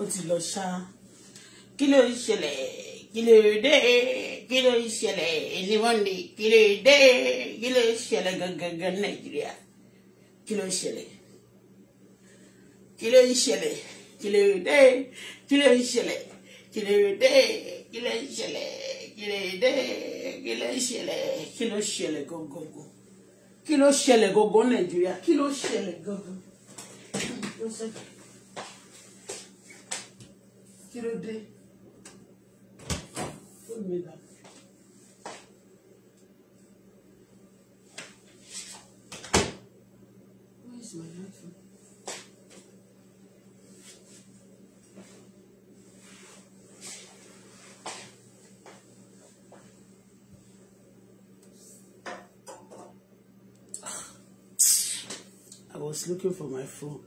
ó ti lọ ṣá kí ló ń ṣẹlẹ̀ kí ló dé kí ló ń ṣẹlẹ̀ ní monde kí ló dé kí ló ń ṣẹlẹ̀ gangan nàìjíríà kí ló ń ṣẹlẹ̀ kí ló ń ṣẹlẹ̀ kí ló dé kí ló ń ṣẹlẹ̀ kí ló dé kí ló ń ṣẹlẹ̀ kí ló dé kí ló ń ṣẹlẹ̀ kí ló ṣẹlẹ̀ gangan kí ló ṣẹlẹ̀ gangan nàìjíríà kí ló ṣẹlẹ̀ gangan kí ló dé Where is my iPhone? I was looking for my phone.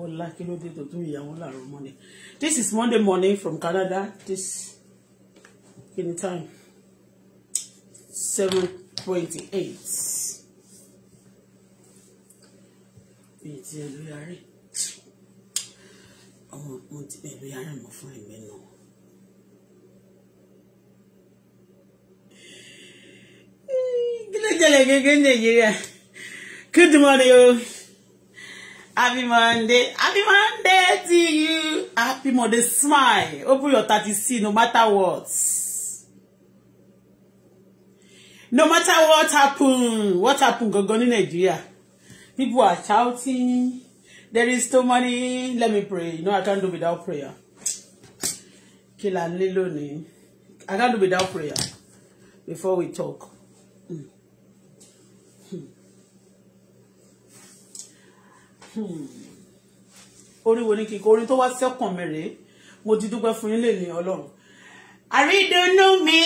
Bọ́lá kí ló dé tó tún this is Monday morning from Canada this any time seven twenty eight Good morning. Happy Monday. Happy Monday to you. Happy Monday. Smile. Open your 30C no matter what. No matter what happened, what happened Go go in Nigeria. People are shouting. There is too money. Let me pray. You know, I can't do without prayer. Kill and I can't do without prayer before we talk. Hmm. orin wo ni kìkọ orin tó wá sẹ́kàn mi rèé mo ti dúpẹ́ fún yín lè ní ọlọ́run. àrídùnnú mi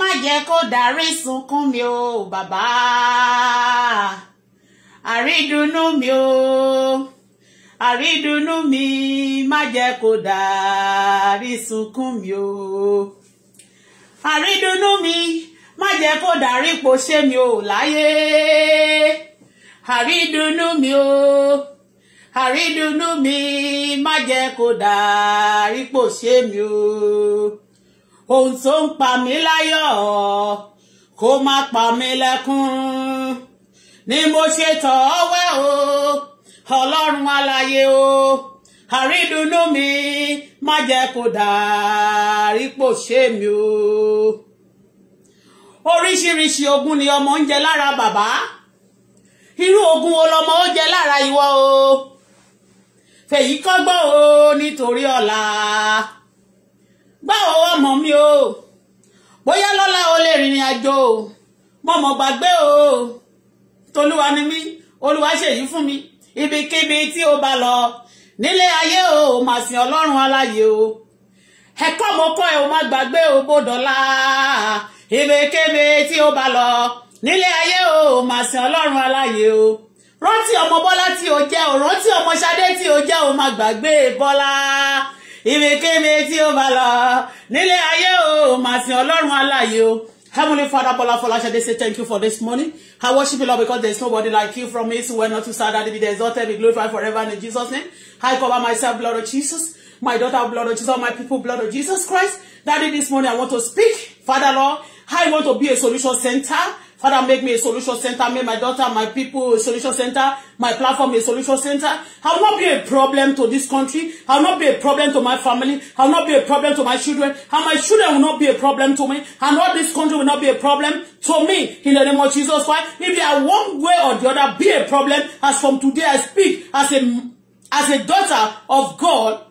má jẹ́ kó darí sunkún mi o bàbá àrídùnnú mi o àrídùnnú mi má jẹ́ kó darí sunkún mi o àrídùnnú mi má jẹ́ kó darí pòṣé mi o láyé àrídùnnú mi o àrídùnnú mi má jẹ́ kó dàrí pò ṣe mi o ohun tó ń pa mí láyọ̀ kó má pa mí lẹ́kún ni mo ṣe tọ̀ ọ́ o ọlọ́run alààyè o àrídùnnú mi má jẹ́ kó dàrí pò ṣe mi o oríṣiríṣi ogún ni ọmọ ń jẹ lára bàbá irú ogun wo lọmọ ó jẹ lára ìwọ o fèyí kọ́gbọ́n o nítorí ọ̀la gbáwo ọmọ mi o bóyá lọ́la o lè rìnrìn àjò o mọ̀mọ́ gbàgbé o tolúwa ni mí olúwa ṣèyí fún mi ibikíbi tí o bá lọ nílé ayé o mà sìn ọlọ́run aláyé o ẹ̀kọ́ mo ẹ o má gbàgbé o bó dọ̀la ibikíbi tí o bá lọ nílé ayé o máa sin ọlọ́run aláyé o rántí ọmọ bọ́lá tí o jẹ́ o rántí ọmọ ṣadé tí o jẹ́ o má gbàgbé bọ́lá ibikíbi tí o bá lọ nílé ayé o máa sin ọlọ́run aláyé o. Heavenly Father, Bola Folashade, say thank you for this morning. I worship you, Lord, because there's nobody like you from me, so we're not too sad that be the exalted, be glorified forever in Jesus' name. I cover myself, blood of Jesus, my daughter, blood of Jesus, my people, blood of Jesus Christ. Daddy, this morning I want to speak. Father, Lord, I want to be a solution center. Father, make me a solution center. Make my daughter, my people a solution center. My platform a solution center. I'll not be a problem to this country. I'll not be a problem to my family. I'll not be a problem to my children. And my children will not be a problem to me. And all this country will not be a problem to me. In the name of Jesus Christ. If there one way or the other be a problem, as from today I speak as a as a daughter of God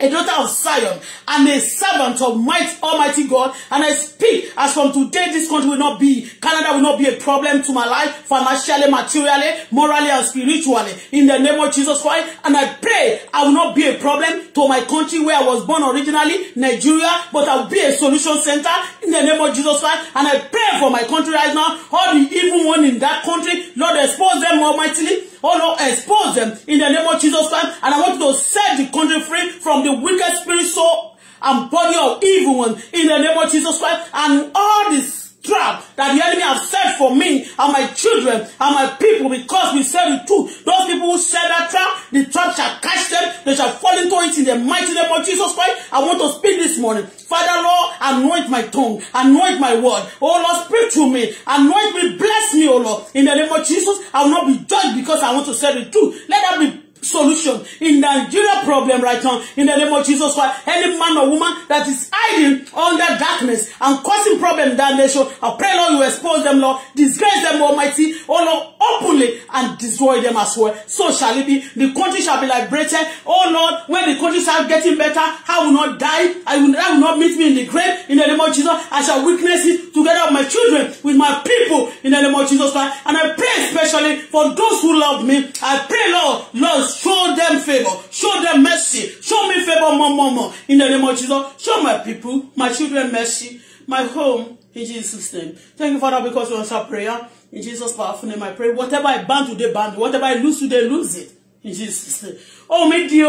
a daughter of Zion and a servant of might Almighty God. And I speak as from today, this country will not be, Canada will not be a problem to my life, financially, materially, morally, and spiritually. In the name of Jesus Christ. And I pray I will not be a problem to my country where I was born originally, Nigeria, but I will be a solution center in the name of Jesus Christ. And I pray for my country right now, all the evil one in that country, Lord, expose them almightily Oh Lord, expose them in the name of Jesus Christ. And I want you to set the country free from the wicked spirit, soul, and body of evil ones in the name of Jesus Christ. And all this trap that the enemy have set for me and my children and my people because we said the truth. Those people who set that trap, the trap shall catch them. They shall fall into it in the mighty name of Jesus Christ. I want to speak this morning. Father, Lord, anoint my tongue. Anoint my word. Oh, Lord, speak to me. Anoint me. Bless me, oh, Lord. In the name of Jesus, I will not be judged because I want to say the truth. Let that be solution in Nigeria problem right now in the name of Jesus Christ. Any man or woman that is hiding under darkness and causing problem in that nation, I pray Lord you expose them, Lord, disgrace them, Almighty, oh Lord openly and destroy them as well. So shall it be. The country shall be liberated. Oh Lord, when the country shall getting better, I will not die. I will, I will not meet me in the grave. In the name of Jesus, I shall witness it together with my children, with my people. In the name of Jesus Christ. And I pray especially for those who love me. I pray, Lord, Lord, show them favor. Show them mercy. Show me favor more, more, more. In the name of Jesus, show my people, my children mercy, my home. In Jesus' name. Thank you, Father, because you answer prayer. In Jesus' powerful name, I pray. Whatever I bound today, bound. Whatever I lose today, lose it. In Jesus' name. Oh, mi di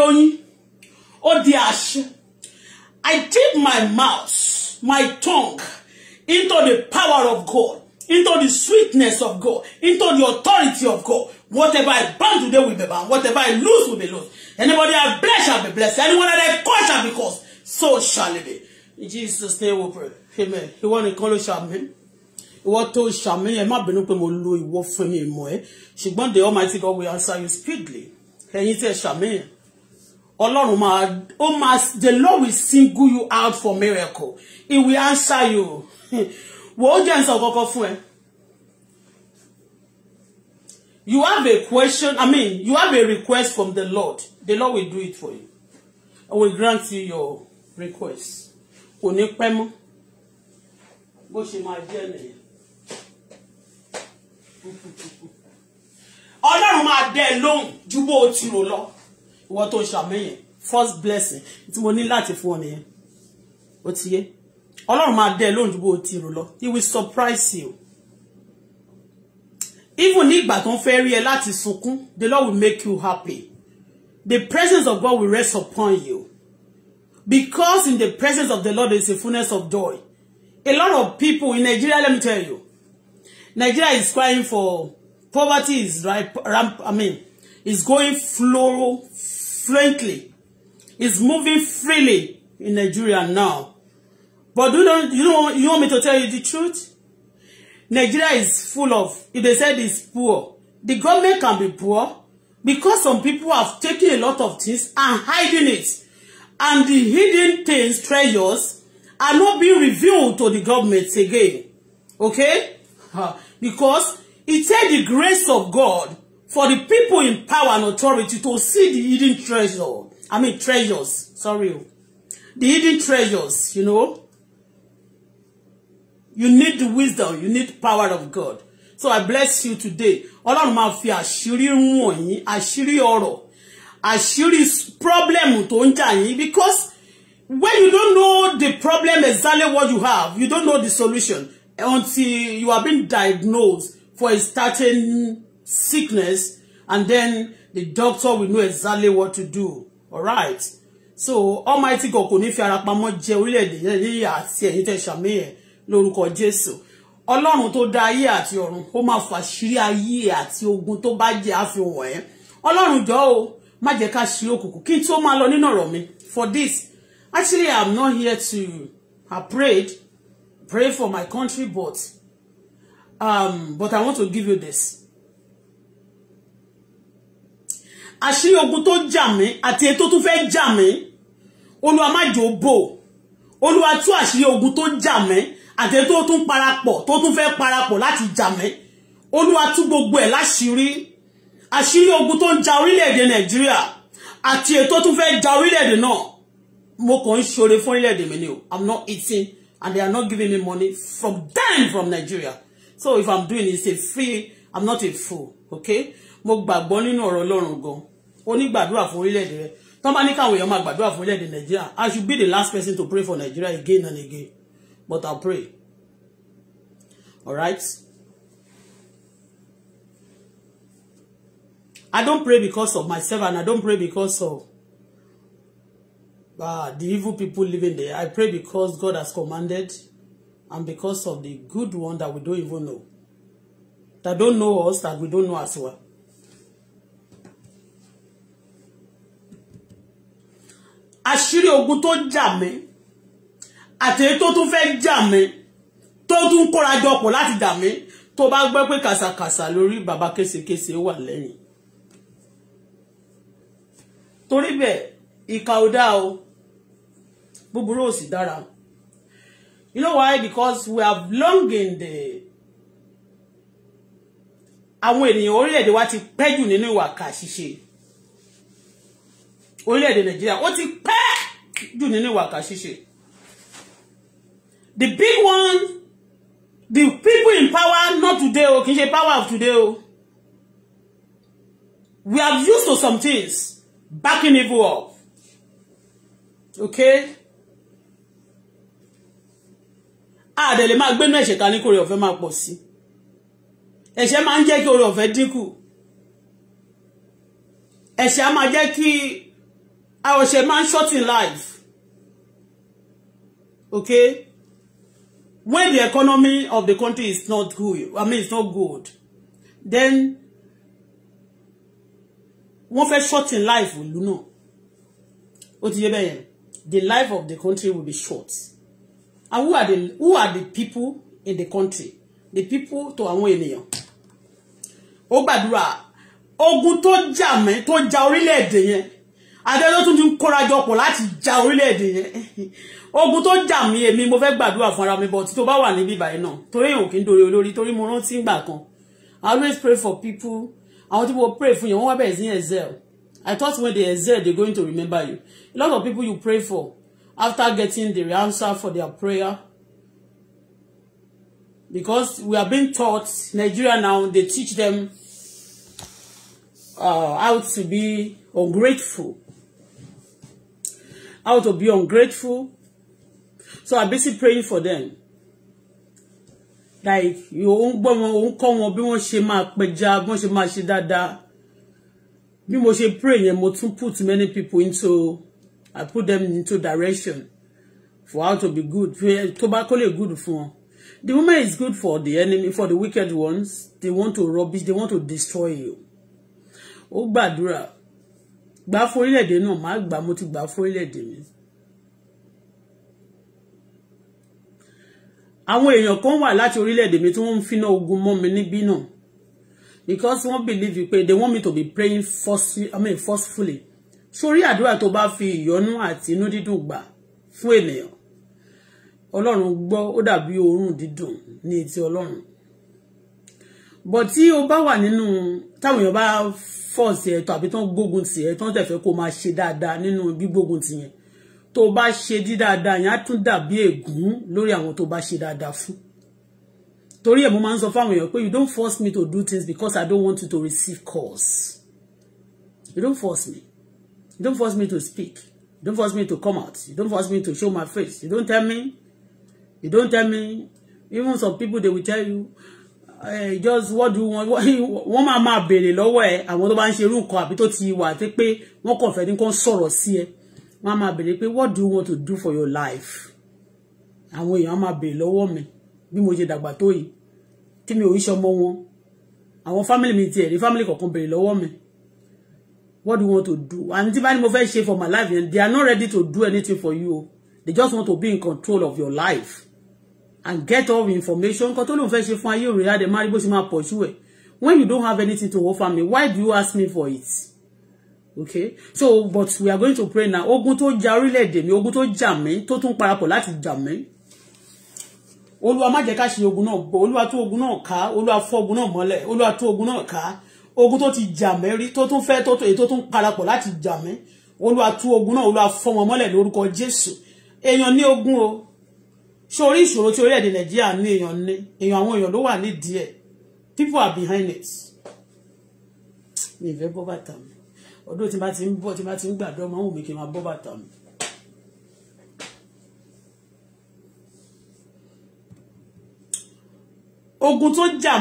Oh, di I dip my mouth, my tongue, into the power of God, into the sweetness of God, into the authority of God. Whatever I bound today will be bound. Whatever I lose will be lost. Anybody I bless shall be blessed. Anyone that I curse shall be cursed. So shall it be. In Jesus' name we pray. Amen. He want to call us, amen ìwọ tó ṣàmìyàn má bínú pé mo lo ìwọ fún mi ìmọ̀ ẹ́ ṣùgbọ́n the almighty God will answer you speedily ẹ̀yin tí ẹ ṣàmìyàn ọlọ́run máa ó máa the Lord will single you out for miracle he will answer you wò ó jẹ́ nsọ kọ́kọ́ fún ẹ. You have a question, I mean, you have a request from the Lord. The Lord will do it for you. I will grant you your request. Kò ní pẹ́ mọ́. Bó ṣe máa jẹ́ nìyẹn ọlọ́run máa dẹ́ ẹ lóhùn ju bó o ti rò lọ ìwọ tó ń ṣàmìyàn first blessing tí mo ní láti fún ọ nìyẹn ó ti yé ọlọ́run máa dẹ́ lóhùn ju bó o ti rò lọ he will surprise you even ní ìgbà tó ń fẹ́ rí ẹ láti sunkún the Lord will make you happy the presence of God will rest upon you because in the presence of the Lord there is a fullness of joy a lot of people in Nigeria let me tell you Nigeria is crying for poverty is right ramp, I mean, is going flow fluently. It's moving freely in Nigeria now. But do not, you know, you want me to tell you the truth? Nigeria is full of, if they said it's poor, the government can be poor because some people have taken a lot of things and hiding it. And the hidden things, treasures, are not being revealed to the government again. Okay? because it takes the grace of God for the people in power and authority to see the hidden treasure. I mean treasures, sorry. The hidden treasures, you know. You need the wisdom, you need the power of God. So I bless you today. Ọlọ́run máa fi àṣírí wọ̀n yín, àṣírí ọ̀rọ̀, àṣírí problem tó ń jà yín because when you don't know the problem exactly what you have, you don't know the solution until you have been diagnosed for a certain sickness and then the doctor will know exactly what to do all right so almighty god kò ní fi ara pamọ́ jẹ orílẹ̀-èdè yẹn àti ẹ̀yin tẹ̀ ṣàmì ẹ̀ lórúkọ jésù ọlọ́run tó dá ayé àti ọ̀run ó máa fàṣírí ayé àti ogun tó bá jẹ́ àfihàn ẹ̀ ọlọ́run jọ̀ọ́ o má jẹ́ ká ṣí òkùnkùn kí n tó máa lọ nínú ọ̀rọ̀ mi for this actually i'm not here to have prayed pray for my country, but um, but I want to give you this. Àṣírí ogun tó jà mí àti èyí tó tún fẹ́ jà mí, Olúwa má jò bò, Olúwa tú àṣírí ogun tó jà mí àti èyí tó tún parapọ̀ tó tún fẹ́ parapọ̀ láti jà mí, Olúwa tú gbogbo ẹ̀ láṣírí. Àṣírí ogun tó ń ja orílẹ̀-èdè Nàìjíríà àti èyí tó ja orílẹ̀-èdè mo kàn ń ṣoore fún orílẹ̀-èdè mi ni o, I'm not eating and they are not giving me money from them from Nigeria so if I'm doing it's a free I'm not a fool okay mo gbàgbọ́ nínú ọ̀rọ̀ Ọlọ́run gan onígbàdúrà fún orílẹ̀-èdè rẹ tán bá ní káwọn èèyàn máa gbàdúrà fún orílẹ̀-èdè Nigeria I should be the last person to pray for Nigeria again and again but I'll pray alright I don't pray because of myself and I don't pray because of uh, the evil people living there. I pray because God has commanded and because of the good one that we don't even know. That don't know us, that we don't know as well. àṣírí ogun tó jà mí àtẹ̀yẹ tó tún fẹ́ jà mí tó tún kóra jọpọ̀ láti jà mí tó bá gbẹ́ pé kàsàkàsà lórí bàbá késekése wà lẹ́yìn torí bẹ́ẹ̀ o búburú ò sì you know why because we have long in the eh, àwọn ènìyàn orílẹ̀-èdè wa ti pẹ́ jù nínú ìwà kà ṣíṣe orílẹ̀-èdè nàìjíríà ó ti pẹ́ jù nínú ìwà kà the big one the people in power not today o kì í ṣe power of today o we have used to some things backing evil up okay àdẹ̀lẹ̀ máa gbénú ẹ̀ṣẹ̀ ká ní kórè ọ̀fẹ́ máa pọ̀ sí ẹ̀ṣẹ̀ máa ń jẹ́ kí oore ọ̀fẹ́ dínkù ẹ̀ṣẹ̀ á máa jẹ́ kí àwọ̀ṣẹ̀ máa ń shorten life okay when the economy of the country is not good I mean it's not good then wọ́n fẹ́ shorten life ìlú náà ó ti yé bẹ́ẹ̀ yẹn the life of the country will be short and who are the who are the people in the country the people to àwọn ènìyàn ó gbàdúrà ogun tó jà mí tó ja orílẹ̀-èdè yẹn adájọ́ tún ti ń kórajọ pọ̀ láti ja orílẹ̀-èdè yẹn ogun tó jà mí èmi mo fẹ́ gbàdúrà fún ara mi but tó bá wà níbí báyìí náà torí èèyàn kì dorí olórí torí mo rántí ìgbà kan i always pray for people àwọn tí mo pray fún yẹn wọ́n wá bẹ̀rẹ̀ sí excel i thought when they excel they going to remember you a lot of people you pray for after getting the answer for their prayer because we are being taught Nigeria now they teach them uh, how to be ungrateful how to be ungrateful so I'm basically praying for them like òun gbọ́ wọn òun kọ́ wọn bí wọ́n ṣe máa my bí wọ́n ṣe máa ṣe dáadáa bí mo ṣe pray yẹn mo tún put many people into. I put them into direction for how to be good Tobacco bá good fún wọn the woman is good for the enemy for the wicked ones they want to rubbish they want to destroy you ó gbàdúrà gbà fún orílẹ̀-èdè náà má gbà mo ti gbà fún orílẹ̀-èdè mi. àwọn èèyàn kan wà láti orílẹ̀-èdè mi tí wọ́n ń finá ogun mọ́ mi níbí náà because wọ́n believe pé they want me to be praying forcefully, I mean, forcefully sórí àdúrà tó bá fi ìyọ́nú àti inú dídùn gbà fún ènìyàn ọlọ́run gbọ́ ó dàbí òórùn dídùn ní etí ọlọ́run bọ̀ tí o bá wà nínú táwọn èèyàn bá fọ̀ sí ẹ tàbí tán gbógun tì ẹ tán tẹ̀fẹ́ kó máa ṣe dáadáa nínú gbígbógun tì yẹn tó bá ṣe dí dáadáa yẹn á tún dàbí ègún lórí àwọn tó bá ṣe dáadáa fún torí ẹ̀ mo máa ń sọ fáwọn èèyàn pé you don't force me to do things because I don't want you to receive calls you don't force me You don't force me to speak. You don't force me to come out. You don't force me to show my face. You don't tell me. You don't tell me. Even some people, they will tell you, hey, eh, just what do you want? Wọ́n man, máa béèrè lọ́wọ́ ẹ̀ àwọn tó bá ń ṣe irú nǹkan àbí to ti wà àti pé wọ́n kàn fẹ́ ní kó sọ̀rọ̀ sí ẹ. what do you want to do for your life? Àwọn èèyàn máa béèrè lọ́wọ́ mi bí me. ṣe dàgbà tó yìí tí mi ò rí I want Àwọn fámìlì mi tiẹ̀ rí fámìlì kọ̀ọ̀kan béèrè lọ́wọ́ mi what do you want to do and tí bá ní mo for my life and they are not ready to do anything for you they just want to be in control of your life and get all the information Control tó lóun fẹ́ ṣe the ayé òrìlà dẹ̀ máa rí when you don't have anything to offer me why do you ask me for it okay so but we are going to pray now ogun to jari orílẹ̀-èdè mi ogun tó jà mí tó tún parapọ̀ láti jà mí olúwa ka. jẹ́ ká ṣe ogun náà gbọ́ olúwa ogun náà ká olúwa fọ́ ogun náà mọ́lẹ̀ olúwa tú ogun náà ká ogun tó ti jà mẹ́rí tó tún fẹ́ tó èyí tó tún parapọ̀ láti jà mí olúwa tú ogun náà olúwa fọ́ wọn mọ́lẹ̀ lórúkọ jésù èèyàn ní ogun o ṣé orí ìṣòro tí orílẹ̀-èdè nàìjíríà ní èèyàn ní èèyàn àwọn èèyàn ló wà nídìí ẹ̀ people are behind it mi ìfẹ́ bọ́ bàtà mi ọdún tí bá ti ń bọ́ tí bá ti ń gbàdọ́ máa ń wù mí kí n máa bọ́ bàtà mi. ogun tó jà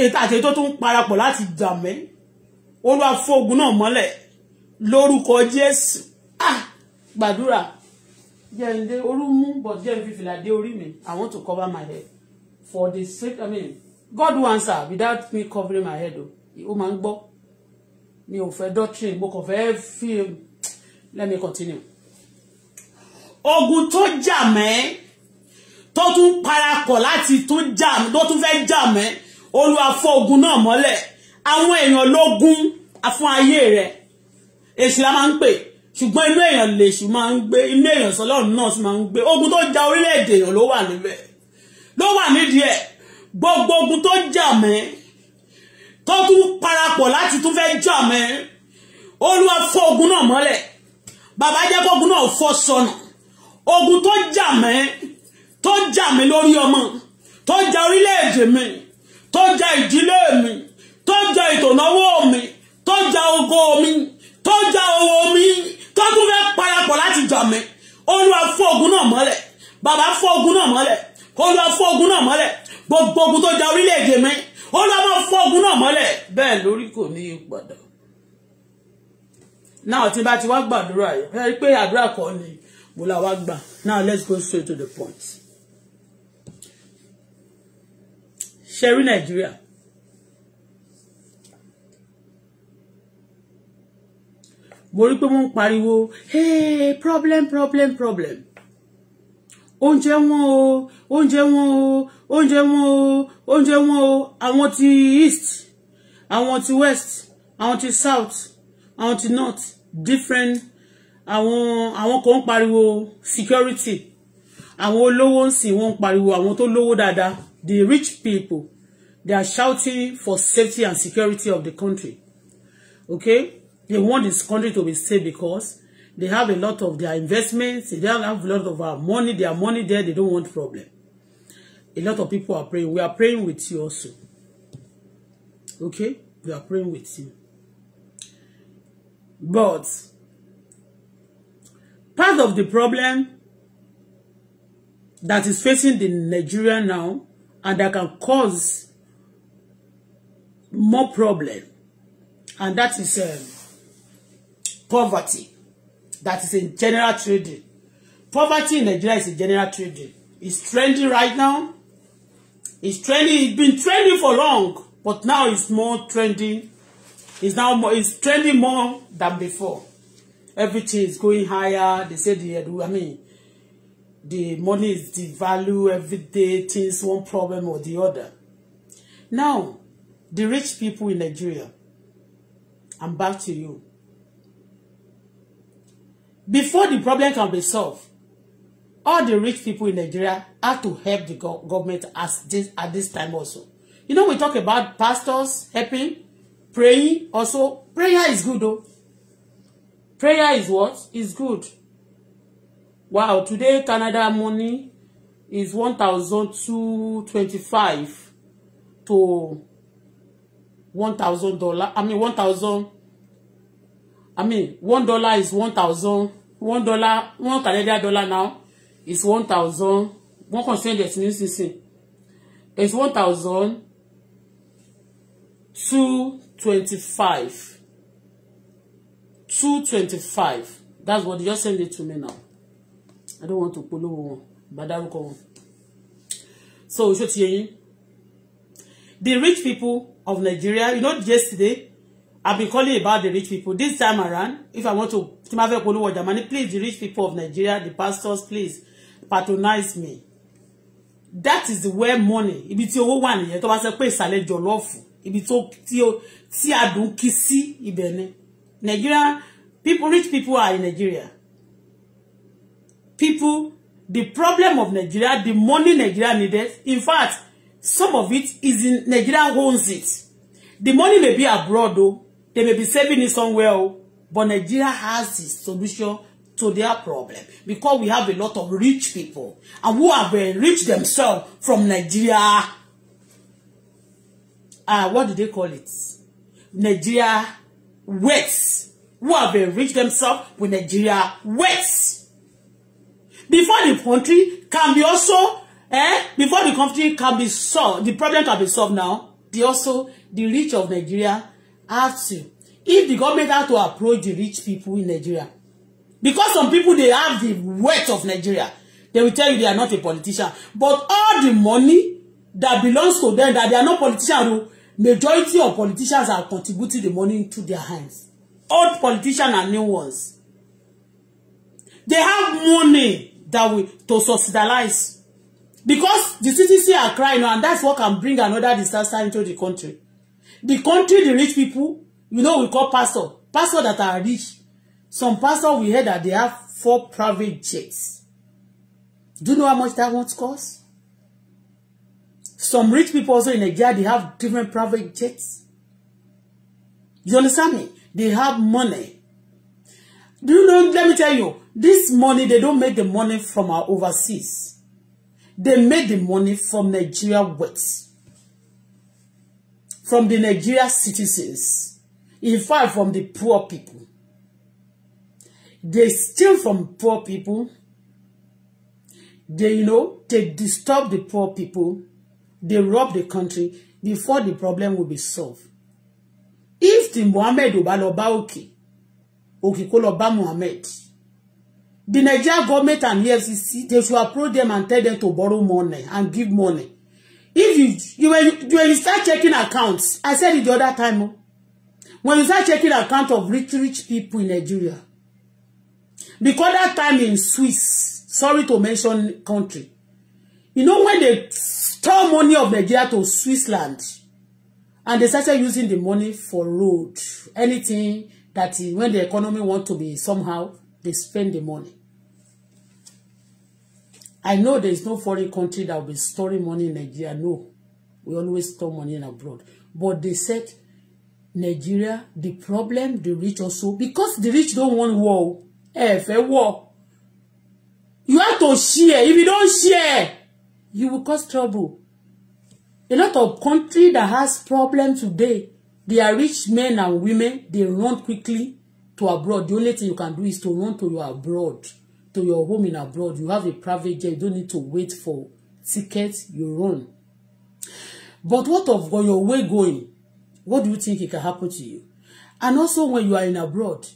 ètò àti ètò tó ń parapọ̀ láti dàmẹ́ olúwa fọ́ ogun náà mọ́lẹ̀ lórúkọ jésù ah gbàdúrà jẹ́ ń dé orú mú but jẹ́ ń fi fìlà dé orí mi i want to cover my head for the sake i mean god will answer without me covering my head o ó máa ń gbọ́ mi ò fẹ́ doctrine mo kàn fẹ́ fi let me continue. ogun tó jà mẹ́ tó tún parapọ̀ láti tún jà tó tún fẹ́ jà mẹ́ olúwa fọ́ ogun náà mọ́lẹ̀ àwọn èèyàn lógún fún ayé rẹ̀ èṣù la máa ń pè ṣùgbọ́n inú èèyàn lèṣù máa ń gbé inú èèyàn sọlọ́run náà sì máa ń gbé ogun tó ja orílẹ̀-èdè èèyàn ló wà níbẹ̀ ló wà nídìí ẹ̀ gbogbo ogun tó jà mẹ́ tó tún parapọ̀ láti tún fẹ́ jà mẹ́ olúwa fọ́ ogun náà mọ́lẹ̀ bàbá jẹ́ kógun náà fọ́ sọnù ogun tó jà mẹ́ tó jà mí lórí ọmọ tó jà orílẹ̀-èdè mi tó ja ìdílé mi tó ja ìtònáwó mi tó ogo mi tó ja owó mi tó tún fẹ́ parapọ̀ láti jà mí olúwa fọ́ ogun náà mọ́lẹ̀ bàbá fọ́ ogun náà mọ́lẹ̀ olúwa fọ́ ogun náà mọ́lẹ̀ gbogbo ogun tó ja orílẹ̀-èdè mi olúwa máa fọ́ ogun náà mọ́lẹ̀ bẹ́ẹ̀ lórí kò ní í padà now tí bá ti wá gbàdúrà yìí ẹ rí pé àdúrà kan ni mo là wá gbà now let's go straight to the point. ṣe rí nàìjíríà mo rí pé wọ́n ń pariwo hey problem problem problem oúnjẹ wọn o oúnjẹ wọn o oúnjẹ wọn o oúnjẹ wọn o àwọn ti east àwọn ti west àwọn ti south àwọn ti north different àwọn àwọn kan ń pariwo security àwọn olówó ń sìn wọ́n ń pariwo àwọn tó lówó dáadáa the rich people, they are shouting for safety and security of the country. Okay? They want this country to be safe because they have a lot of their investments, they don't have a lot of our money, their money there, they don't want problem. A lot of people are praying. We are praying with you also. Okay? We are praying with you. But part of the problem that is facing the Nigerian now and that can cause more problem and that is um, poverty that is in general trading poverty in Nigeria is in general trading it's trending right now it's trending it's been trending for long but now it's more trending it's now more it's trending more than before everything is going higher they say the I mean the money is the every day things one problem or the other now the rich people in Nigeria I'm back to you before the problem can be solved all the rich people in Nigeria have to help the government as this at this time also you know we talk about pastors helping praying also prayer is good though prayer is what is good wow today Canada money is one thousand two twenty-five to one thousand dollar I mean one thousand I mean one dollar is one thousand one dollar one Canadian dollar now is one thousand one concern that's new see is one thousand two twenty-five two twenty-five that's what you just send it to me now I don't want to polówó wọn bá dárúkọ wọn so ṣó ti the rich people of Nigeria you know yesterday I've been calling about the rich people this time around if I want to tí ma fẹ́ polówó ọjà ma ni please the rich people of Nigeria the pastors please patronize me that is where money ibi tí owó one nìyẹn to bá a place ìsàlẹ̀ let your tó If it's tí adùn kí sí ibẹ̀ ni Nigeria people rich people are in Nigeria people the problem of Nigeria, the money Nigeria needed. In fact, some of it is in Nigeria owns it. The money may be abroad though. They may be saving it somewhere, oh, but Nigeria has the solution to their problem because we have a lot of rich people and who have enriched themselves from Nigeria. Uh, what do they call it? Nigeria West. Who have enriched themselves with Nigeria West before the country can be also eh before the country can be solved the problem can be solved now the also the rich of Nigeria have to if the government have to approach the rich people in Nigeria because some people they have the wealth of Nigeria they will tell you they are not a politician but all the money that belongs to them that they are not politicians majority of politicians are contributing the money into their hands old politicians and new ones they have money that we to subsidize because the citizens are crying now and that's what can bring another disaster into the country the country the rich people you know we call pastor pastor that are rich some pastor we heard that they have four private jets do you know how much that won't cost some rich people also in Nigeria they have different private jets you understand me they have money Do you know? Let me tell you, this money, they don't make the money from our overseas. They make the money from Nigeria wealth. From the Nigeria citizens. In fact, from the poor people. They steal from poor people. They, you know, they disturb the poor people. They rob the country before the problem will be solved. If the Mohammed Obalobauki òkè kó lọ the Nigerian government and EFCC they should approach them and tell them to borrow money and give money if you you when you, when you start checking accounts I said it the other time oh. when you start checking account of rich rich people in Nigeria because that time in Swiss sorry to mention country you know when they store money of Nigeria to Switzerland and they started using the money for road anything that when the economy want to be somehow, they spend the money. I know there is no foreign country that will be storing money in Nigeria. No, we always store money in abroad. But they said Nigeria, the problem, the rich also, because the rich don't want war. Ẹ eh, fẹ́ war. You have to share. If you don't share, you will cause trouble. A lot of country that has problem today, They are rich men and women. They run quickly to abroad. The only thing you can do is to run to your abroad, to your home in abroad. You have a private jet. You don't need to wait for tickets. You run. But what of when your way going? What do you think it can happen to you? And also when you are in abroad,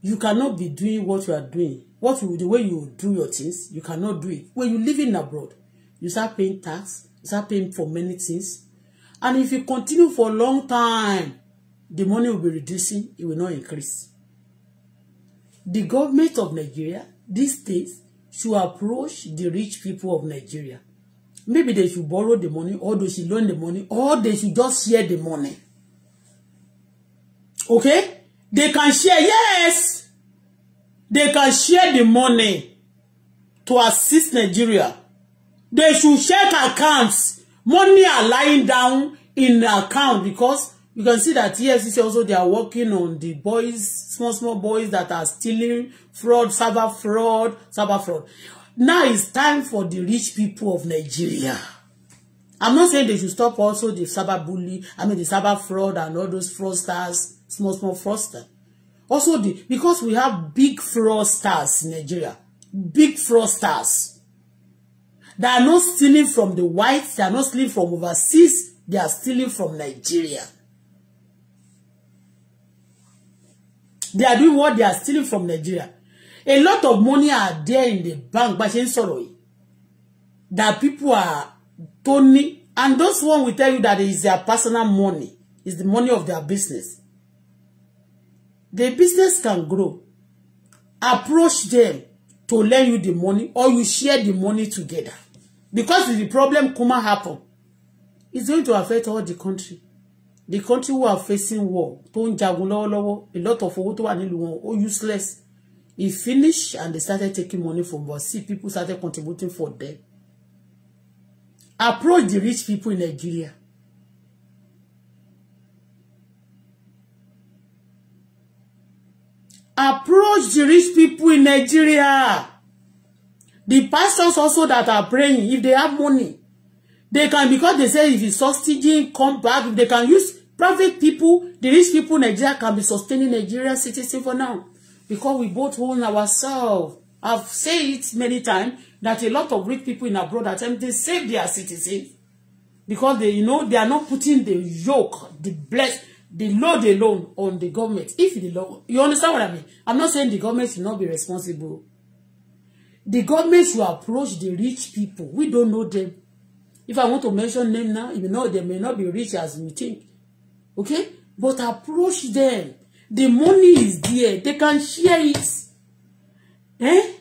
you cannot be doing what you are doing. What you, the way you do your things, you cannot do it. When you live in abroad, you start paying tax, you start paying for many things. And if you continue for a long time, the money will be reducing, it will not increase. The government of Nigeria, these states, should approach the rich people of Nigeria. Maybe they should borrow the money, or they should loan the money, or they should just share the money. Okay? They can share, yes! They can share the money to assist Nigeria. They should share accounts money are lying down in the account because you can see that EFCC also they are working on the boys, small, small boys that are stealing fraud, cyber fraud, cyber fraud. Now it's time for the rich people of Nigeria. I'm not saying they should stop also the cyber bully, I mean the cyber fraud and all those fraudsters, small, small fraudsters. Also the, because we have big fraudsters in Nigeria, big fraudsters. They are not stealing from the whites. They are not stealing from overseas. They are stealing from Nigeria. They are doing what they are stealing from Nigeria. A lot of money are there in the bank, but in sorrow, that people are turning. And those one will tell you that it is their personal money. It's the money of their business. The business can grow. Approach them to lend you the money or you share the money together because if the problem kuma happen it's going to affect all the country the country who are facing war tó ń jagun lọ́wọ́lọ́wọ́ a lot of owó to wà nílùú wọn ó useless e finish and they started taking money from us see people started contributing for them approach the rich people in Nigeria approach the rich people in Nigeria. The pastors also that are praying, if they have money, they can, because they say if it's subsidizing, come back, they can use private people, the rich people in Nigeria can be sustaining Nigerian citizen for now. Because we both own ourselves. I've said it many times that a lot of rich people in abroad at times they save their citizens because they, you know, they are not putting the yoke, the bless, the load alone on the government. If the law, you understand what I mean? I'm not saying the government should not be responsible the government should approach the rich people we don't know them if i want to mention name now you know they may not be rich as we think okay but approach them the money is there they can share it eh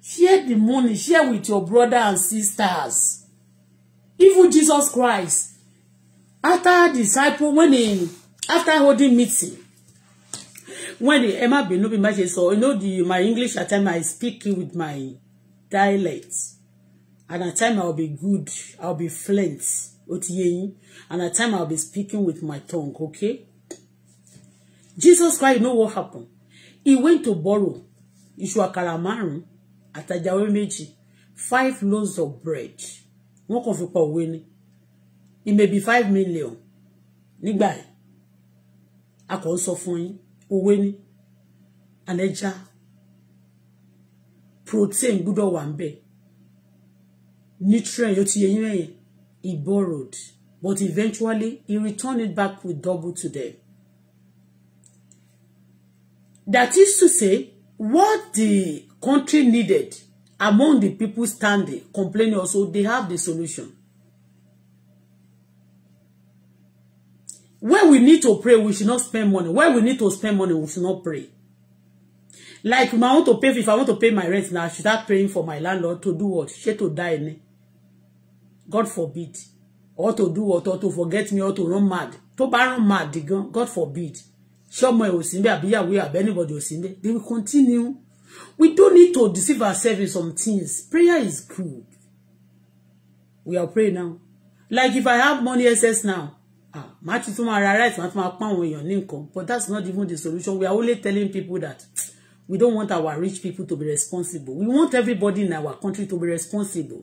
share the money share with your brother and sisters even Jesus Christ after disciple when he after holding meeting when the Emma be no be má so you know the my English at time I speak with my dialect and at time I'll be good I'll be fluent ó ti and at time I'll be speaking with my tongue okay Jesus Christ you know what happened? he went to borrow iṣu karamaru márùn-ún five loaves of bread What kàn fi pa ni it may be five million nígbà yìí a kò ń sọ òwe ni and protein gbúdọ̀ wà ń bẹ̀ nutrient yóò ti yẹ yín mẹ́yẹn he borrowed but eventually he returned it back with double to them. That is to say, what the country needed among the people standing complaining also, they have the solution. Where we need to pray we should not spend money Where we need to spend money we should not pray like if I want to pay if I want to pay my rent now I should start praying for my landlord to do what she to die Ne, God forbid or to do what or to forget me or to run mad to bá run mad gan God forbid ṣé ọmọ ẹ ò sí níbẹ̀ àbí ìyàwó àbí anybody ò sí níbẹ̀ they will continue we don't need to deceive ourselves in some things prayer is good we are praying now like if I have money excess now ah má ti tún máa ra rice má tún máa pọ́n àwọn èèyàn ní nǹkan but that's not even the solution we are only telling people that we don't want our rich people to be responsible we want everybody in our country to be responsible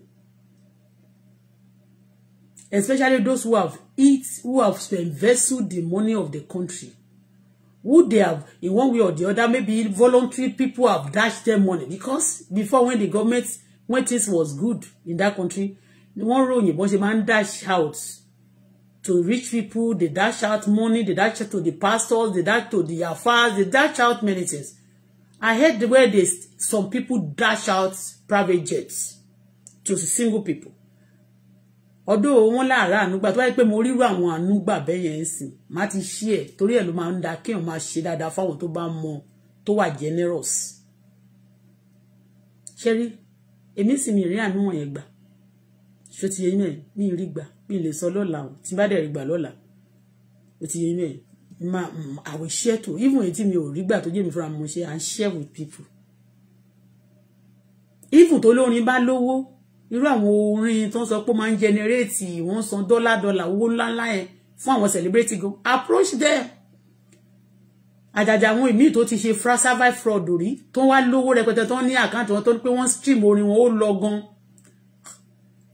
especially those who have eat who have invested the money of the country who they have in one way or the other maybe voluntary people have dashed their money because before when the government when things was good in that country one ròyìn bọ́n ṣe máa man dash out to rich people, they dash out money, they dash out to the pastors, they dash to the affairs, they dash out many things. I heard the way they, some people dash out private jets to single people. Although wọn láàárọ̀ ànúgbà tó wáyé pé mo ríru àwọn ànúgbà bẹ́ẹ̀ yẹn sìn má ti ṣí ẹ̀ torí ẹ̀ ló máa ń da kéèyàn máa ṣe dáadáa fáwọn tó bá mọ tó wà generous. ṣe emi èmi sì mi rí àánú wọ̀nyẹn gbà So ti yẹ inú ẹ̀ mi ì rí gbà mi ì lè sọ lọ́la o tí n bá dẹ̀ rí gbà lọ́la ó ti yẹ inú ẹ̀ ma àwẹ̀ share to even èyí tí mi ò rí gbà tó jẹ́ mi fúnra mo ṣe à share with people even tó lórin bá lówó irú àwọn orin tó ń sọ pé ó máa ń generate wọ́n san dọ́là dọ́là owó ńláńlá yẹn fún àwọn celebrity gan approach them àjàjà àwọn ìmíì tó ti ṣe server fraud rí tó wá lówó rẹpẹtẹ tó ní àkáǹtì wọn tó ní pé wọ́n stream orin wọn ó lọ gan-an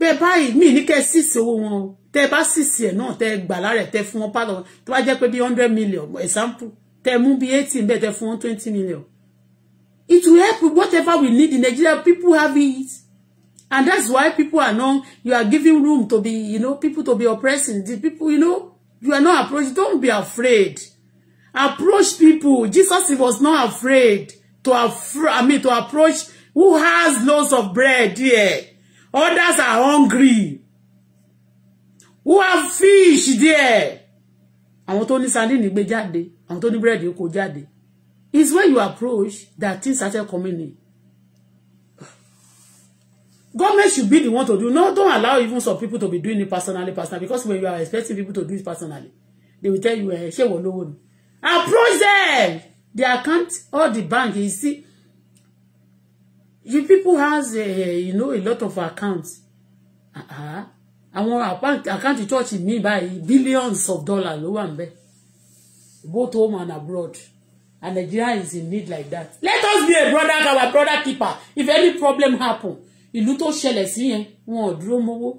bẹ́ẹ̀ báyìí mi ní kẹ́ sísì owó wọn o tẹ́ bá sísì ẹ̀ náà tẹ́ gbà lára ẹ̀ tẹ́ fún wọn pàtó tó bá jẹ́ pé bí hundred million example tẹ́ mú bí eighty bẹ́ẹ̀ tẹ́ fún wọn twenty million it will help whatever we need in Nigeria people have it and that's why people are not you are giving room to be you know people to be oppressing the people you know you are not approached don't be afraid approach people Jesus he was not afraid to affr I mean to approach who has lots of bread here. Yeah. Others are hungry. Who have fish there? Àwọn tó ní sardine gbé jáde, àwọn tó ní búrẹ́dì kó jáde. It's when you approach that things started coming in. Government should be the one to do. No, don't allow even some people to be doing it personally, personally. Because when you are expecting people to do it personally, they will tell you, eh, ṣé wọ́n Approach them. They account, all the bank, you see, if people has uh, you know a lot of accounts uh huh, àwọn àkáǹtì chọ́ọ̀chì mi báyìí billions of dollars ló wà níbẹ̀ both home and abroad and Nigeria is in need like that let us be a brother our brother keeper if any problem happen ìlú tó ṣẹlẹ̀ sí yẹn wọn ò dúró mọ́wọ́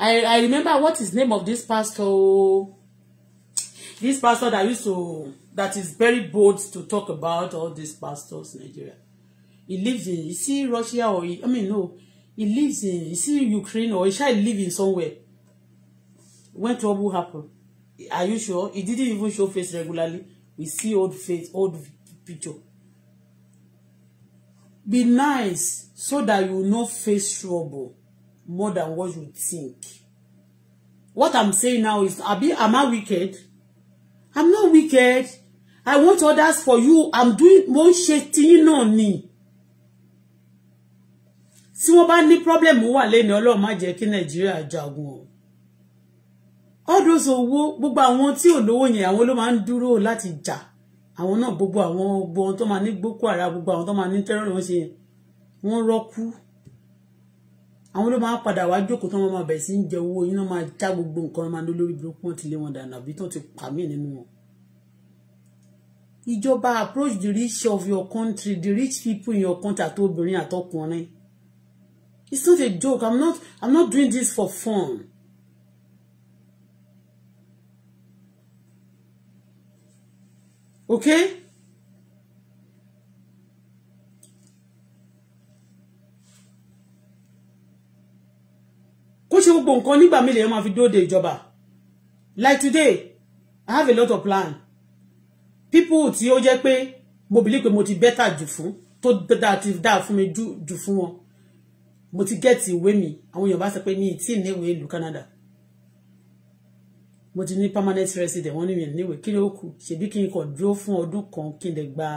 I I remember what is name of this pastor this pastor that used to that is very bold to talk about all these pastors in Nigeria he lives in you see, Russia or he, I mean no he lives in you see, Ukraine or he shall live in somewhere when trouble happen are you sure he didn't even show face regularly we see old face old picture be nice so that you no face trouble more than what you think what I'm saying now is abi am I wicked I'm not wicked I want others for you I'm doing mo ń ṣe tiyín náà tí wọ́n bá ní problem wà lẹ́ni ọlọ́run má jẹ́ kí nàìjíríà jagun o all those owó gbogbo àwọn tí ò lówó yẹn àwọn ló máa ń dúró láti jà àwọn náà gbogbo àwọn gbogbo àwọn tó máa ní gbókò ara gbogbo àwọn tó máa ní tẹ́rọ̀rì wọ́n ṣe yẹn wọ́n rọ́kú àwọn ló máa padà wá jókòó tó wọn máa bẹ̀rẹ̀ sí ń jẹ owó yín máa já gbogbo nǹkan máa ní olórí burúkú wọn ti lé wọn dànù àbí tó ti pa mí nínú wọn. ìjọba approach the rich of your country the rich people in your country àti obìnrin àtọkùnrin It's not a joke. I'm not I'm not doing this for fun. Okay? Kó ṣe gbogbo nǹkan nígbà mi lèèyàn máa fi dóde ìjọba. Like today, I have a lot of plan. People tí ó jẹ́ pé mo believe pé mo ti better jù fún tó dáa ti dáa fún mi jù fún mo ti gẹ́ẹ̀tì ìwé mi àwọn èèyàn bá sọ pé mi tí ì níwèé ìlú Canada mo ti ní permanent resident wọ́n ní mi níwèé kí ló kù ṣebí kí n kàn dúró fún ọdún kan kí n lè gba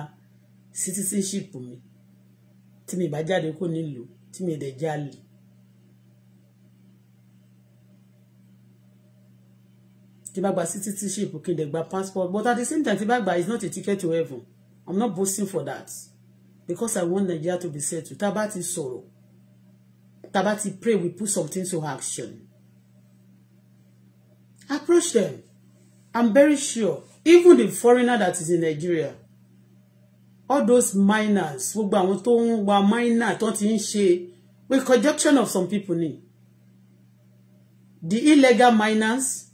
citizenship mi tí mi bá jáde kó nílùú tí mi dẹ̀ jalè. tí bá gba citizenship kí n dẹ̀ gba passport but at the same time tí bá gba is not a ticket to heaven i'm not boasting for that because i want Nigeria to be settled tá a bá ti sọ̀rọ̀ Tabati, pray we put something to action approach them i'm very sure even the foreigner that is in Nigeria all those miners gbogbo àwọn tó ń wa miner tó ti ń ṣe with conjunction of some people ni the illegal miners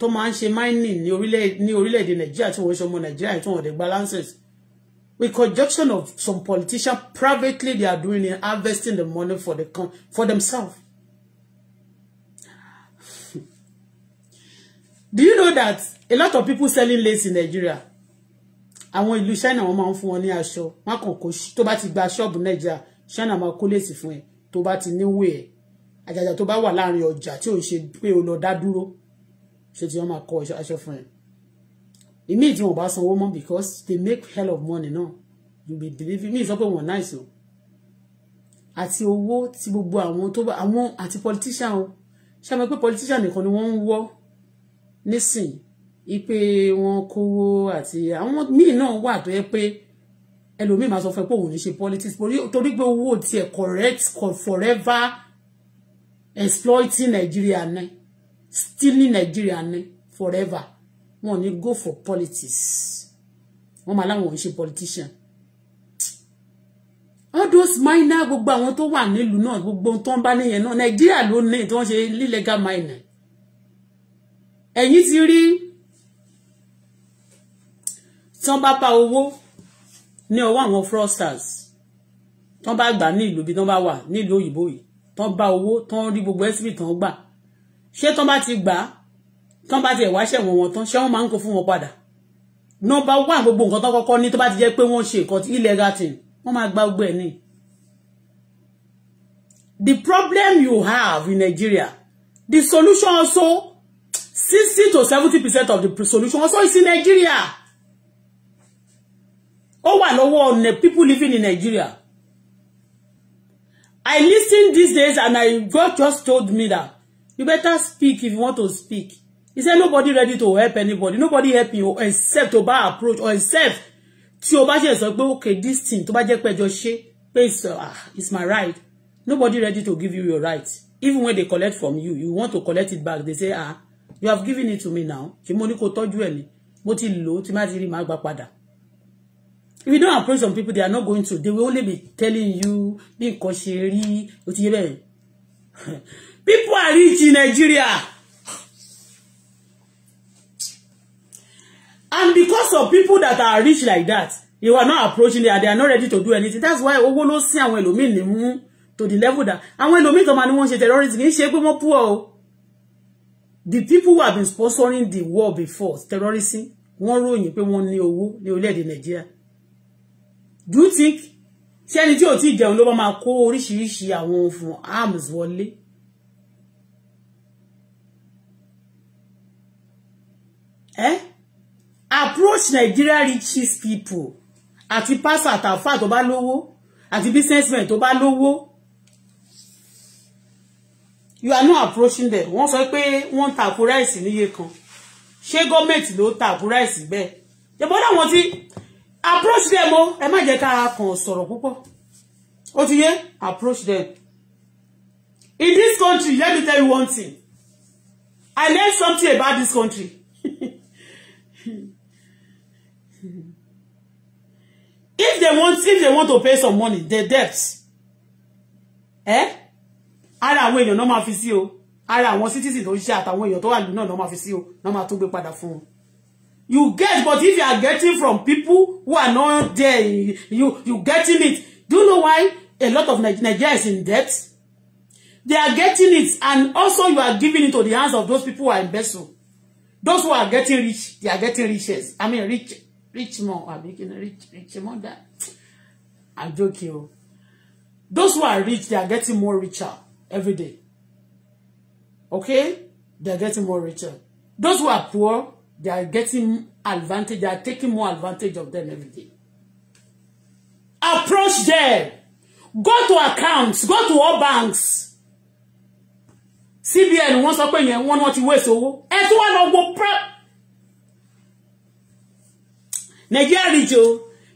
tó máa ń ṣe mining ní orílẹ̀ ní orílẹ̀-èdè Nigeria, tí wọ́n ṣe ọmọ Nàìjíríà tí wọ́n dẹ̀ gba license with conjunction of some politician privately they are doing it, harvesting the money for the con for themselves. Do you know that a lot of people selling lace in Nigeria? I want you shine máa ń fún wọn ní aṣọ wọn kàn kó tó bá ti gba ṣọ́ọ̀bù Nàìjíríà China máa kó lèsì fún ẹ tó bá ti níwè ẹ àjàjà tó bá wà láàrin ọjà tí ò ń ṣe pé o lọ dá dúró ṣe my wọn máa your friend? ìmí ìtí you about some woman because they make hell of money no? you be believing me sọ pé wọn náà sọ àti owó tí gbogbo àwọn tó bá àwọn àti politician o ṣàmì pé politician nìkan ni wọ́n ń wọ́ nísìn ipe wọn kówó àti àwọn míì náà wà tó yẹ pé ẹlòmíì máa sọ fún ẹ pé òun politics. ṣe politics torí pé owó tiẹ̀ correct forever exploiting Nigeria ni stealing Nigeria ni forever wọn ò go for politics wọ́n máa láwọn ò ń ṣe politician all those minor gbogbo àwọn tó wà nílùú náà gbogbo tó ń bá níyẹn náà nàìjíríà ló ní tí wọ́n ṣe illegal minor ẹ̀yìn ti rí tí wọ́n bá pa owó ní ọwọ́ àwọn fraudsters tí wọ́n bá gbà ní ìlú bí tí wọ́n bá wà nílùú òyìnbó yìí tí wọ́n bá owó tí rí gbogbo ẹ́sìbì gbà ṣé tí bá ti gbà á tán bá tiẹ̀ wá ṣẹ̀wọ̀n wọn tán ṣé wọ́n máa ń kó fún wọn padà nọ́mbà wà gbogbo nǹkan tán kọ́kọ́ ní tó bá ti jẹ́ pé wọ́n ṣe nǹkan illegal thing wọ́n máa gba gbogbo ẹ̀ ní. The problem you have in Nigeria the solution also sixty to seventy percent of the solution also is in Nigeria ó wà lọ́wọ́ the people living in Nigeria I listen these days and I God just told me that you better speak if you want to speak he said nobody ready to help anybody nobody help you except to buy approach or except to o bá ṣe okay this thing tó bá jẹ́ pẹ́jọ ṣe pé ah, it's my right nobody ready to give you your right even when they collect from you you want to collect it back they say ah you have given it to me now ṣe mo ní kó tọ́jú ẹ̀ ni mo ti lò ó tí má ti if you don't approach some people they are not going to they will only be telling you being nǹkan ṣe rí o people are rich in Nigeria. and because of people that are rich like that you are not approaching there they are not ready to do anything that's why owó ló sin àwọn ẹlòmíì ní mú to the level that àwọn ẹlòmíì tó máa ní wọ́n ṣe terrorism kì í ṣe pé o the people who have been sponsoring the war before terrorism wọ́n ròyìn pé wọ́n ní owó ní orílẹ̀-èdè nàìjíríà do you think ṣé ẹni tí ò tí ì jẹun ló bá máa kó oríṣiríṣi àwọn òfin arms wọlé eh? approach Nigeria richest people àti pastor àtàfà tó bá lówó àti businessman tó bá lówó you are not approaching them wọ́n sọ pé wọ́n ta àpò ráìsì níye kan ṣé gọ́ọ̀mẹ̀ntì ló ta àpò ráìsì bẹ́ẹ̀ ìbọn láwọn tí approach them o ẹ má jẹ́ ká kàn sọ̀rọ̀ púpọ̀ ó ti yé approach them in this country let me tell you one thing I learned something about this country If they want, if they want to pay some money, their debts, eh? I don't èèyàn your normal fi I don't want àwọn citizens tó ń ṣe when èèyàn tó wà lù náà náà máa fi sí o. phone. You get, but if you are getting from people who are not there, you you getting it. Do you know why a lot of Nigeria is in debt? They are getting it, and also you are giving it to the hands of those people who are in vessel. Those who are getting rich, they are getting riches. I mean, rich Richmond àbí kí ni Richmond dá àjókè o those who are rich they are getting more richer every day okay they are getting more richer those who are poor they are getting advantage they are taking more advantage of them every day approach them go to accounts go to all banks cbn wọ́n sọ pé yẹn wọ́n wọ́n ti waste? owó ẹ tún wá lọ wo Nigeria rich o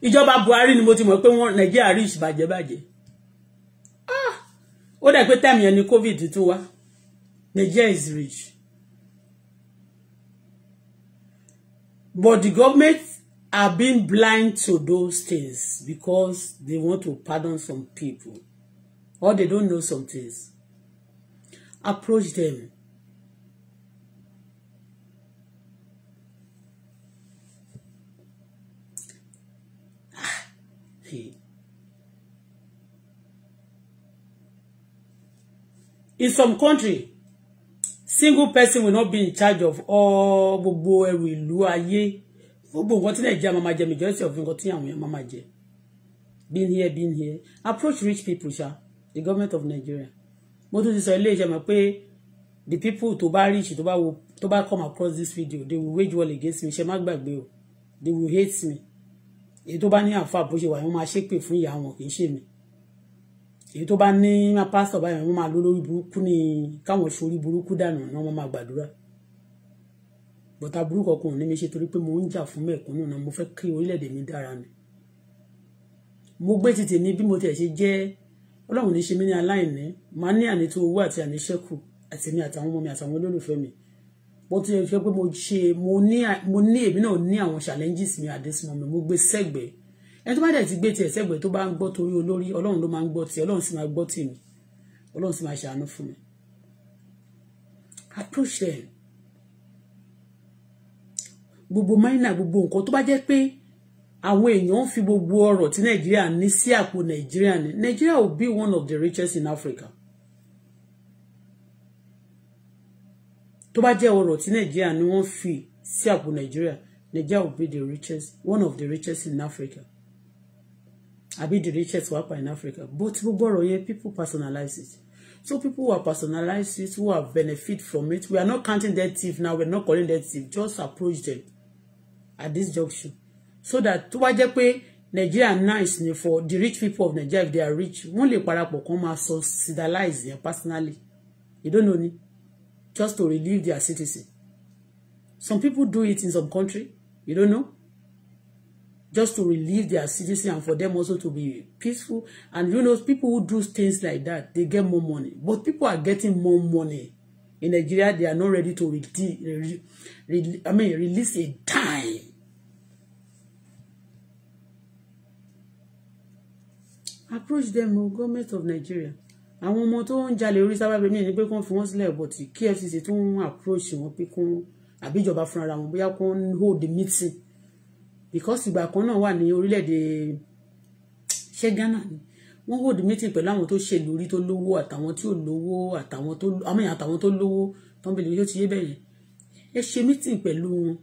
ìjọba buhari ni mo ti mọ̀ pé wọ́n Nigeria rich bàjẹ́ bàjẹ́ ah! ó dẹ̀ pé táìmù yẹn ni covid tún wá nàìjíríà is rich but the government are being blind to those things because they want to pardon some people or they don't know some things approach them in some country single person will not be in charge of all gbogbo ẹrù ìlú ayé gbogbo nǹkan tí nàìjíríà máa ma jẹ majority of nǹkan tí àwọn èèyàn máa ma jẹ been here being here approach rich people ṣá the government of Nigeria mo tún ti sọ ilé iṣẹ́ mi pé the people tó bá rich tó bá wo tó bá come across this video they will wage war against me ṣe má gbàgbé o they will hate me èyí tó bá ní àǹfà bó ṣe wà wọ́n máa ṣépè fún ìyá wọn kì í ṣe mi èyí tó bá ní pásítọ̀ báyìí wọ́n máa lọ lórí burúkú ni káwọn sórí burúkú dànù náà wọ́n máa gbàdúrà bọ́tà burúkú ọkùnrin ní mi ṣe torí pé mo ń jà fún mẹ̀kúnnù náà mo fẹ́ kí orílẹ̀-èdè mi dára ni mo gbé ti tèmi bí mo tẹ̀ ṣe jẹ́ ọlọ́run ní ṣe mí ní aláìní màá ní ànító owó àti àníṣẹ́kù àti mi àtàwọn ọmọ mi àtàwọn olólùfẹ́ mi bó ti ṣe pé mo ṣe mo ní èmi náà ní àwọn challenges mi at this moment mo gbé ẹ tó bá dẹ̀ ti gbé tiẹ̀ sẹ́gbẹ̀ẹ́ tó bá ń gbọ́ torí olórí ọlọ́run ló máa ń gbọ́ tiẹ̀ ọlọ́run sì máa gbọ́ tì ọlọ́run sì máa ṣàánú fún mi approach them gbogbo minor gbogbo nǹkan tó bá jẹ́ pé àwọn èèyàn ń fi gbogbo ọrọ̀ tí nàìjíríà ní sí àpò nàìjíríà ní nàìjíríà will be one of the richest in Africa tó bá jẹ́ ọrọ̀ tí nàìjíríà ni wọ́n fi sí àpò nàìjíríà nàìjíríà will be the richest one of the richest in Africa àbí the richest wapa in Africa but gbogbo ọ̀rọ̀ yẹn people personalize it so people who are personalize it who are benefit from it we are not counting dead thief now we are not calling dead thief just approach them at this junction so that tó bá jẹ́ pé Nigeria nice ni for the rich people of Nigeria if they are rich wọ́n lè parapọ̀ kan máa subsidize yẹn personally you don't know ni just to relieve their citizen some people do it in some country you don't know just to relieve their citizen and for them also to be peaceful. And you know, people who do things like that, they get more money. But people are getting more money. In Nigeria, they are not ready to re re I mean, release a time. Approach them, o oh, government of Nigeria. Àwọn ọmọ tó ń jalè orí sábàbí mi ni pé kán fi wọ́n sílẹ̀ but KFCC tó ń approach wọn pé kán àbíjọba fúnra wọn bóyá kán hold the meeting because ìgbà kan náà wà ní orílẹ̀-èdè ṣé Ghana ni wọ́n hold meeting pẹ̀lú àwọn tó ṣèlú rí tó lówó àtàwọn tí ò lówó àtàwọn tó àmọ́ àtàwọn tó lówó tó ń bèèrè yóò ti yé bẹ́ẹ̀ ẹ ṣe meeting pẹ̀lú wọn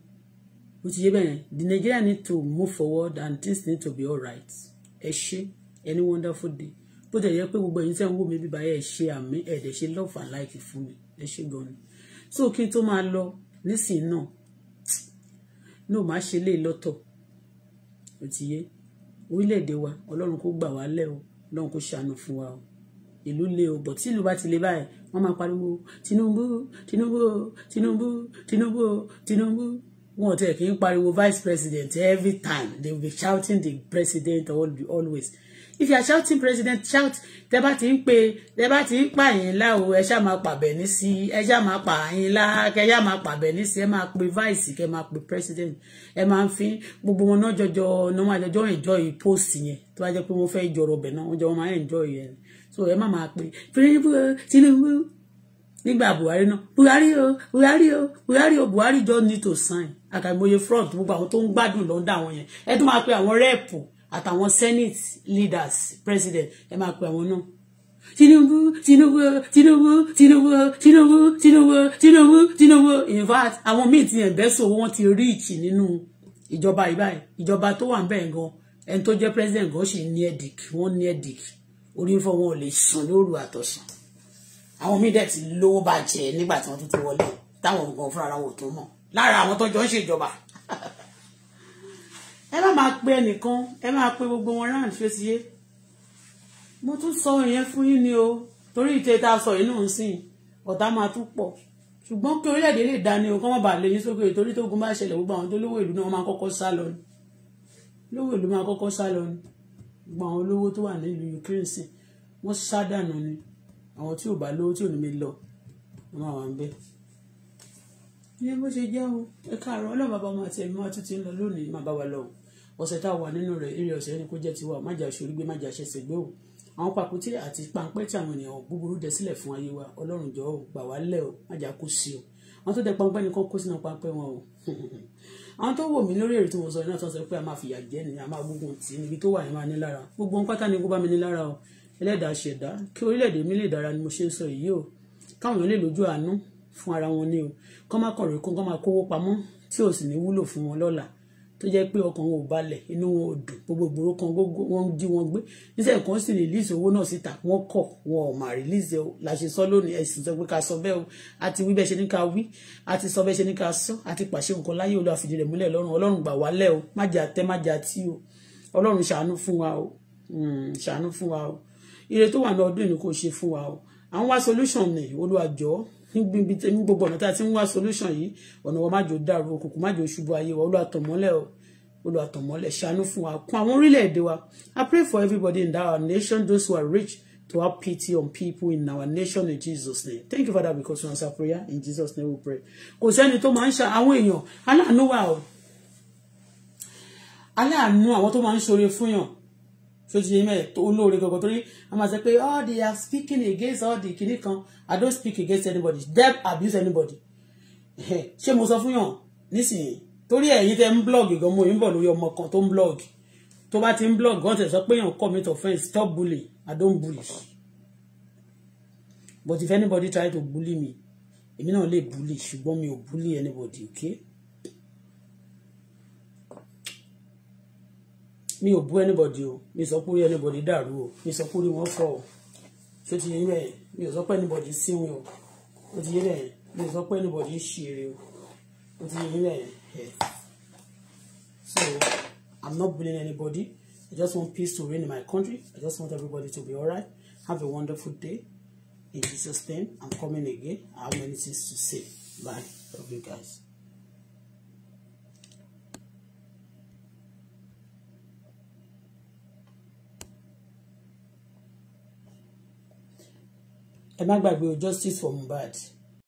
ó ti yé bẹ́ẹ̀ the Nigeria need to move forward and things need to be alright ẹ ṣe any wonderful day bó tẹ̀ yẹ pé gbogbo ẹ̀yin tẹ́ ń wò mí bíbá ẹ̀ ṣe àmì ẹ̀ ṣe love and like fún mi ẹ ṣe gan ni so kí n tó máa lọ nísìnyí náà no máa ṣe lè lọ́tọ̀ ó ti yé orílẹ̀-èdè wa ọlọ́run kó gbà wá lẹ́ o ọlọ́run kó ṣàánú fún wa o ìlú le o bọ̀ tí ìlú bá ti le báyìí wọ́n máa pariwo Tinubu Tinubu Tinubu Tinubu Tinubu wọn ò tẹ̀ kí n pariwo vice president every time they will be shouting the president always if you are shouting president shout tẹ bá ti ń pe tẹ bá ti ń pa yín lá o ẹ ṣá máa pàbẹ ní sí ẹ ṣá máa pa yín lá kẹ ṣá máa pàbẹ ní sí ẹ máa pe vice kẹ máa pe president ẹ máa ń fi gbogbo wọn náà jọjọ náà máa jọjọ enjoy post yẹn tó bá jẹ pé wọn fẹ́ jọrọ ọbẹ náà wọn jọ wọn máa enjoy yẹn so ẹ má máa pe Tinubu nígbà Buhari náà Buhari o Buhari o Buhari o Buhari just need to sign àkàìmọye fraud gbogbo àwọn tó ń gbádùn lọ́ńdà àwọn yẹn ẹ tún máa pe àwọn rẹ́ẹ̀pù àtàwọn senate leaders president ẹ máa pe àwọn náà Tinubu Tinubu Tinubu Tinubu Tinubu Tinubu Tinubu Tinubu in fact àwọn míì ti yàn bẹ́sọ̀ wọn ti reach nínú ìjọba ìbáyìí ìjọba tó wà ń bẹ̀ gan ẹni tó jẹ́ president gan sì ní ẹ̀dìk wọ́n ní ẹ̀dìk orí fọ́ wọn ò lè sùn lóru àtọ̀sán àwọn míì dẹ̀ ti lówó bàjẹ́ nígbà tí wọ́n tún ti wọlé táwọn nǹkan fúnra wọn ò tó mọ̀ lára àwọn tó jọ ń ṣèjọba ẹ má máa pe ẹnìkan ẹ máa pe gbogbo wọn round fèsì yé mo tún sọ ìyẹn fún yín ni o torí ìtẹ́ tá a sọ yìí náà ń sìn ọ̀tá máa tún pọ̀ ṣùgbọ́n kí orílẹ̀-èdè lè dání o kọ́ mọ̀ bà lè yín sókè torí tó gun bá ṣẹlẹ̀ gbogbo àwọn tó lówó ìlú náà máa kọ́kọ́ sá lọ ni lówó ìlú máa kọ́kọ́ sá lọ ni gbogbo àwọn olówó tó wà nílùú Ukraine sìn wọ́n sá dànù ni àwọn tí ò bá lówó tí ò ní mi lọ wọ́n máa wà ń bẹ́. ilé bó ṣe jẹ́ o ẹ̀ka àrùn ọlọ́run bàbá ọmọ àti ẹ̀mí wa tún ti ń lọ lónìí má bá wa lọ ọ̀sẹ̀ tá a wà nínú rẹ̀ eré ọ̀sẹ̀ ẹni kó jẹ́ tiwa má jà ṣorígbé má jà ṣẹ̀ṣẹ̀ gbé o àwọn pàkúté àti pàǹpẹ́ tí àwọn ènìyàn búburú dẹ sílẹ̀ fún ayé wa ọlọ́run jọ ò gbà wá lẹ̀ o má jà kó sí o àwọn tó dẹ pàǹpẹ́ nìkan kó sínú pàǹpẹ́ wọn o àwọn tó wò mí lórí èrè tí mo sọ iná tó sọ pé a máa fìyà jẹ ni a máa gbógun tì níbi tó wà ní máa ní lára gbogbo ohun pátá ni kó bá mi ní lára o ẹlẹ́dàá ṣẹ̀dá kí orílẹ̀-èdè mi lè dára ni mo ṣe ń sọ yìí o káwọn èèyàn lè lójú àánú fún ara wọn ni o kọ́ má kọ̀rọ̀ kó má kówó pamọ́ tí ò sì ní wúlò fún wọn lọ́la tó jẹ́ pé ọkàn wọn ò balẹ̀ inú wọn ò dùn gbogbo ìgboro kan gbogbo wọn jí wọn gbé níṣẹ́ nǹkan sì release owó náà síta wọ́n kọ̀ wọn ò mà release o làṣẹ sọ lónìí ẹ̀sìn sọ pé ká sọ bẹ́ẹ̀ o àti wí bẹ́ẹ̀ ṣe ní ká wí àti sọ bẹ́ẹ̀ ṣe ní ká sọ àti pàṣẹ nǹkan láyé olú àfìdí rẹ̀ múlẹ̀ lọ́rùn ọlọ́run gbà wálẹ̀ o má jà tẹ́ má jà tí o ọlọ́run ṣàánú fún wa o hmm, ṣàánú fún wa o ire tó wà ní ọdún níbi tẹ́mi gbogbo ọ̀nà tá a ti ń wá solution yìí ọ̀nà wa má jò dàrú òkùnkùn má jò ṣubú ayé wa olùwàtọ̀mọ́lẹ̀ o olùwàtọ̀mọ́lẹ̀ ṣàánú fún wa kún àwọn orílẹ̀-èdè wa I pray for everybody in our nation those who are rich to have pity on people in our nation in Jesus name thank you father because you answer prayer in Jesus name we pray kò sẹ́ni tó máa ń ṣe àwọn èèyàn aláàánú wa o aláàánú àwọn tó máa ń ṣoore fún yàn tí ó ti yẹ mẹ́ẹ̀ olóore gangan torí a máa sọ pé all oh, they are speaking against all the kìnnì kan i don't speak against anybody dem abuse anybody ṣé mo sọ fún yàn nísìnyí torí ẹ̀yin tẹ́ ń blog gan mo ń bọ̀ lórí ọmọ kan tó ń blog tó bá ti ń blog gan tẹ̀ sọ pé yàn commit offence stop bullying i don't bully but if anybody try to bully me èmi náà lè bully ṣùgbọ́n mi ò bully anybody okay. mi ò bú anybody o mi sọ pé anybody dàrú o mi sọ pé orí wọn fọ o ṣé ti yé bẹ́ẹ̀ mi ò sọ pé anybody síwìn o ó ti yé bẹ́ẹ̀ mi ò sọ pé anybody ṣeré o ó ti yé bẹ́ẹ̀ so i'm not bullying anybody i just want peace to reign in my country i just want everybody to be alright have a wonderful day in jesus name i'm coming again i have many things to say bye love you guys. ẹ má gbàgbé o justice for Mohbad.